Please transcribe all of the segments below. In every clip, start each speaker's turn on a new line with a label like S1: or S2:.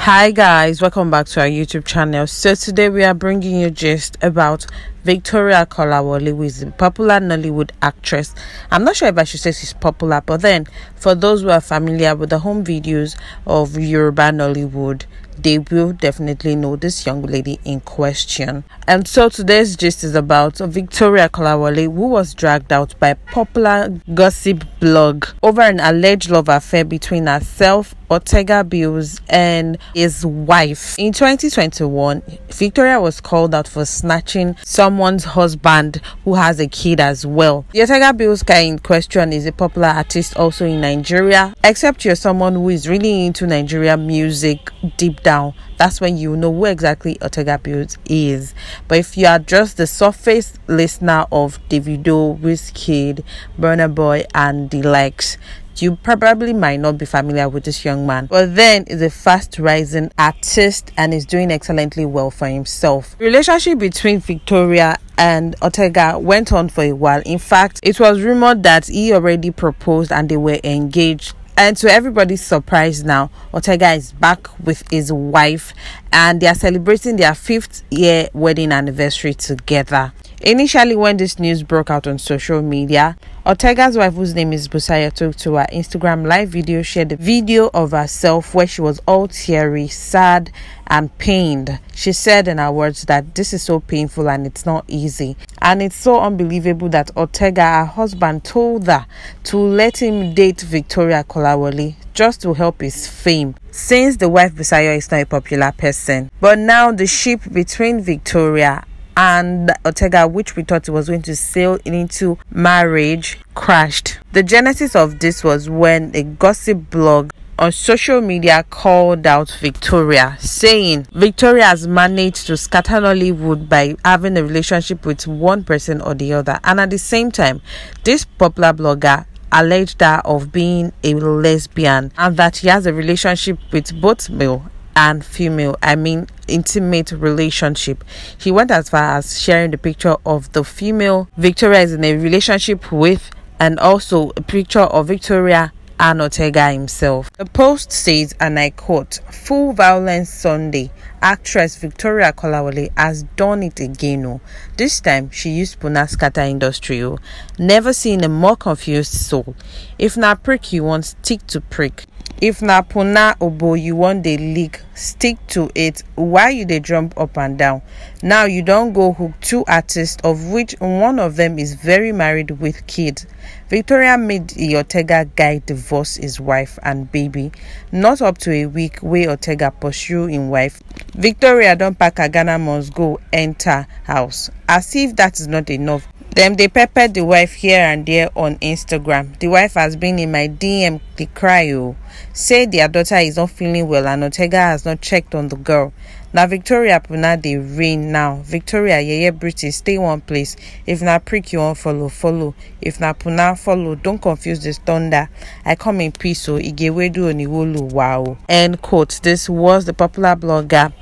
S1: hi guys welcome back to our youtube channel so today we are bringing you just about Victoria Kolawole, who is a popular Nollywood actress. I'm not sure if I should say she's popular, but then for those who are familiar with the home videos of Yoruba Nollywood, they will definitely know this young lady in question. And so today's gist is about Victoria Kolawole, who was dragged out by popular gossip blog over an alleged love affair between herself, Ortega Bills, and his wife. In 2021, Victoria was called out for snatching some someone's husband who has a kid as well. Yetega Bilska in question is a popular artist also in Nigeria, except you're someone who is really into Nigeria music deep down. That's when you know who exactly Otega is. But if you are just the surface listener of Davido, Wizkid, Burner Boy, and the likes, you probably might not be familiar with this young man, but then is a fast rising artist and is doing excellently well for himself. Relationship between Victoria and Ortega went on for a while. In fact, it was rumored that he already proposed and they were engaged and to everybody's surprise now, Ortega is back with his wife and they are celebrating their fifth year wedding anniversary together. Initially, when this news broke out on social media, Ortega's wife, whose name is Busaya, took to her Instagram live video, shared a video of herself where she was all teary, sad, and pained. She said in her words that this is so painful and it's not easy. And it's so unbelievable that Ortega, her husband, told her to let him date Victoria Kolawole just to help his fame, since the wife Busaya is not a popular person. But now the ship between Victoria and Ortega, which we thought it was going to sail into marriage, crashed. The genesis of this was when a gossip blog on social media called out Victoria, saying Victoria has managed to scatter Nollywood by having a relationship with one person or the other. And at the same time, this popular blogger alleged her of being a lesbian and that she has a relationship with both male and female, I mean, intimate relationship. He went as far as sharing the picture of the female Victoria is in a relationship with, and also a picture of Victoria and Ortega himself. The post says, and I quote, Full Violence Sunday, actress Victoria Kolawole has done it again. Oh. This time, she used Punaskata Industry. Industrial. Oh. Never seen a more confused soul. If not prick, you want stick to prick if na puna obo you wan dey lick stick to it why you dey jump up and down now you don go hook two artists of which one of them is very married with kids victoria made ortega guy divorce his wife and baby not up to a week wey ortega pursue im wife victoria don pack her ghana must go enter house as if that is not enough them they peppered the wife here and there on Instagram. The wife has been in my DM the cry oh. Say their daughter is not feeling well and Ortega has not checked on the girl. Now Victoria Puna they rain. now. Victoria yeah, yeah, British stay one place. If na prick you won't follow, follow. If na Puna follow, don't confuse this thunder. I come in peace so oh. Igewedu Oniwolu wow. End quote. This was the popular blogger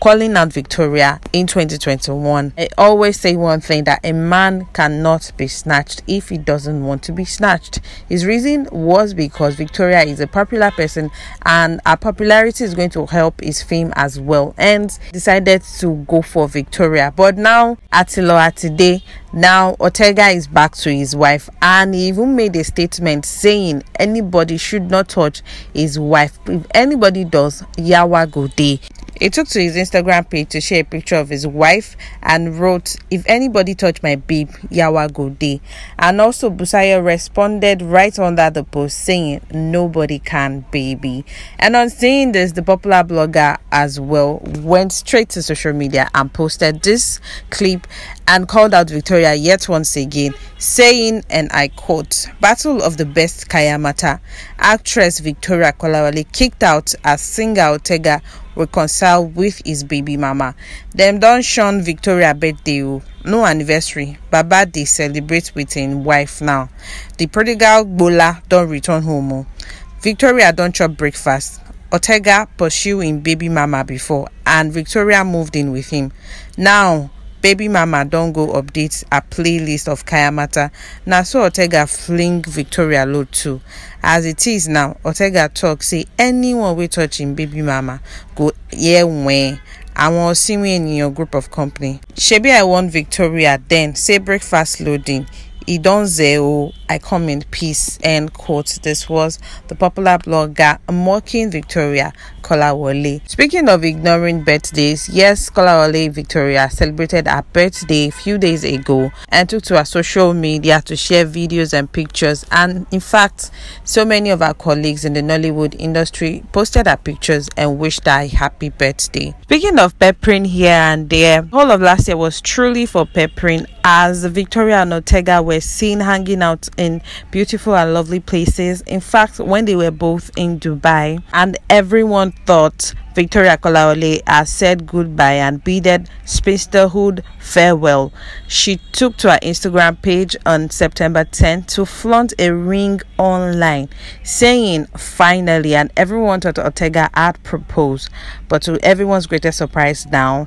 S1: calling out Victoria in 2021. I always say one thing that a man cannot be snatched if he doesn't want to be snatched. His reason was because Victoria is a popular person and her popularity is going to help his fame as well and decided to go for Victoria. But now Atiloa today now Ortega is back to his wife and he even made a statement saying anybody should not touch his wife. If anybody does, Yawa go day. He took to his Instagram page to share a picture of his wife and wrote, If anybody touch my babe, Yawa go day. And also Busaya responded right under the post saying, Nobody can, baby. And on seeing this, the popular blogger as well went straight to social media and posted this clip and called out Victoria yet once again, saying, and I quote, Battle of the Best Kayamata. Actress Victoria Kolawale kicked out as singer Ortega reconcile with his baby mama. do don shun Victoria birthday oh. no anniversary. Baba they celebrate with his wife now. The prodigal don't return home oh. Victoria don't chop breakfast. Ortega pursue in baby mama before and Victoria moved in with him. Now baby mama don go update her playlist of kayamata na so ortega fling victoria load too as it is now ortega talk say anyone wey touch im baby mama go hear wen àwọn osinwe your group of company ṣebí i warn victoria then say breakfast loading Idonzeo, oh, I come in peace, end quote. This was the popular blogger mocking Victoria Kolawole. Speaking of ignoring birthdays, yes, Kolawole Victoria celebrated her birthday a few days ago and took to her social media to share videos and pictures. And in fact, so many of our colleagues in the Nollywood industry posted her pictures and wished her a happy birthday. Speaking of peppering here and there, all of last year was truly for peppering as Victoria and Ortega were seen hanging out in beautiful and lovely places. In fact, when they were both in Dubai, and everyone thought Victoria Kolaole has said goodbye and bidded spinsterhood farewell. She took to her Instagram page on September 10 to flaunt a ring online, saying, Finally, and everyone thought Ortega had proposed. But to everyone's greatest surprise now,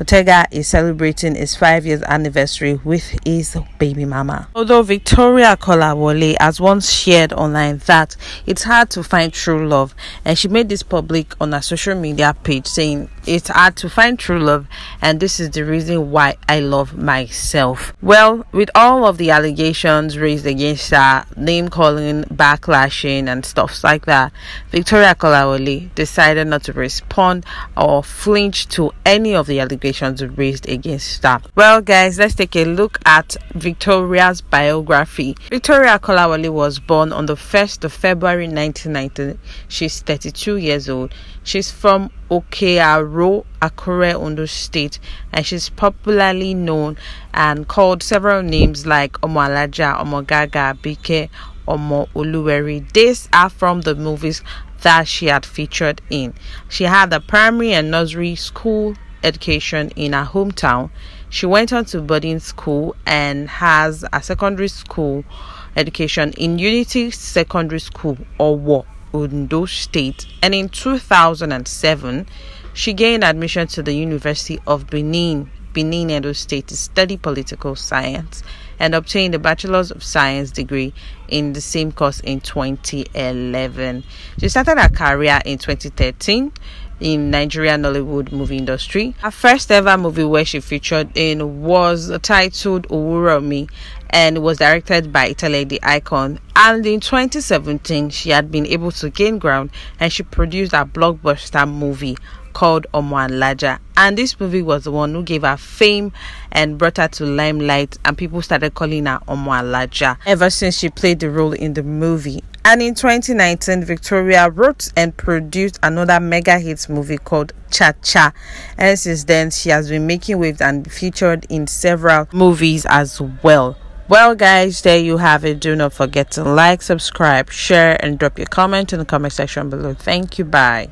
S1: Ortega is celebrating his five years anniversary with his baby mama. Although Victoria Kolawole has once shared online that it's hard to find true love, and she made this public on her social media page saying, It's hard to find true love, and this is the reason why I love myself. Well, with all of the allegations raised against her, name calling, backlashing, and stuff like that, Victoria Kolawole decided not to respond or flinch to any of the allegations allegations raised against her. Well, guys, let's take a look at Victoria's biography. Victoria Kolawole was born on the 1st of February 1990. She's 32 years old. She's from Okearo, Akure, Ondo State, and she's popularly known and called several names like Omalaja, Omogaga, Bike, Omo Oluweri. These are from the movies that she had featured in. She had a primary and nursery school education in her hometown. She went on to boarding school and has a secondary school education in Unity Secondary School or Owo, Ondo State. And in 2007, she gained admission to the University of Benin, Benin Edo State to study political science and obtained a Bachelor's of Science degree in the same course in 2011. She started her career in 2013 in Nigerian Nollywood movie industry. Her first ever movie where she featured in was titled Uwuromi and was directed by Italy the Icon. And in 2017, she had been able to gain ground and she produced a blockbuster movie called Omwanlaja. And this movie was the one who gave her fame and brought her to limelight, and people started calling her Omwanlaja ever since she played the role in the movie. And in 2019, Victoria wrote and produced another mega hit movie called Cha Cha. And since then, she has been making waves and featured in several movies as well. Well, guys, there you have it. Do not forget to like, subscribe, share, and drop your comment in the comment section below. Thank you. Bye.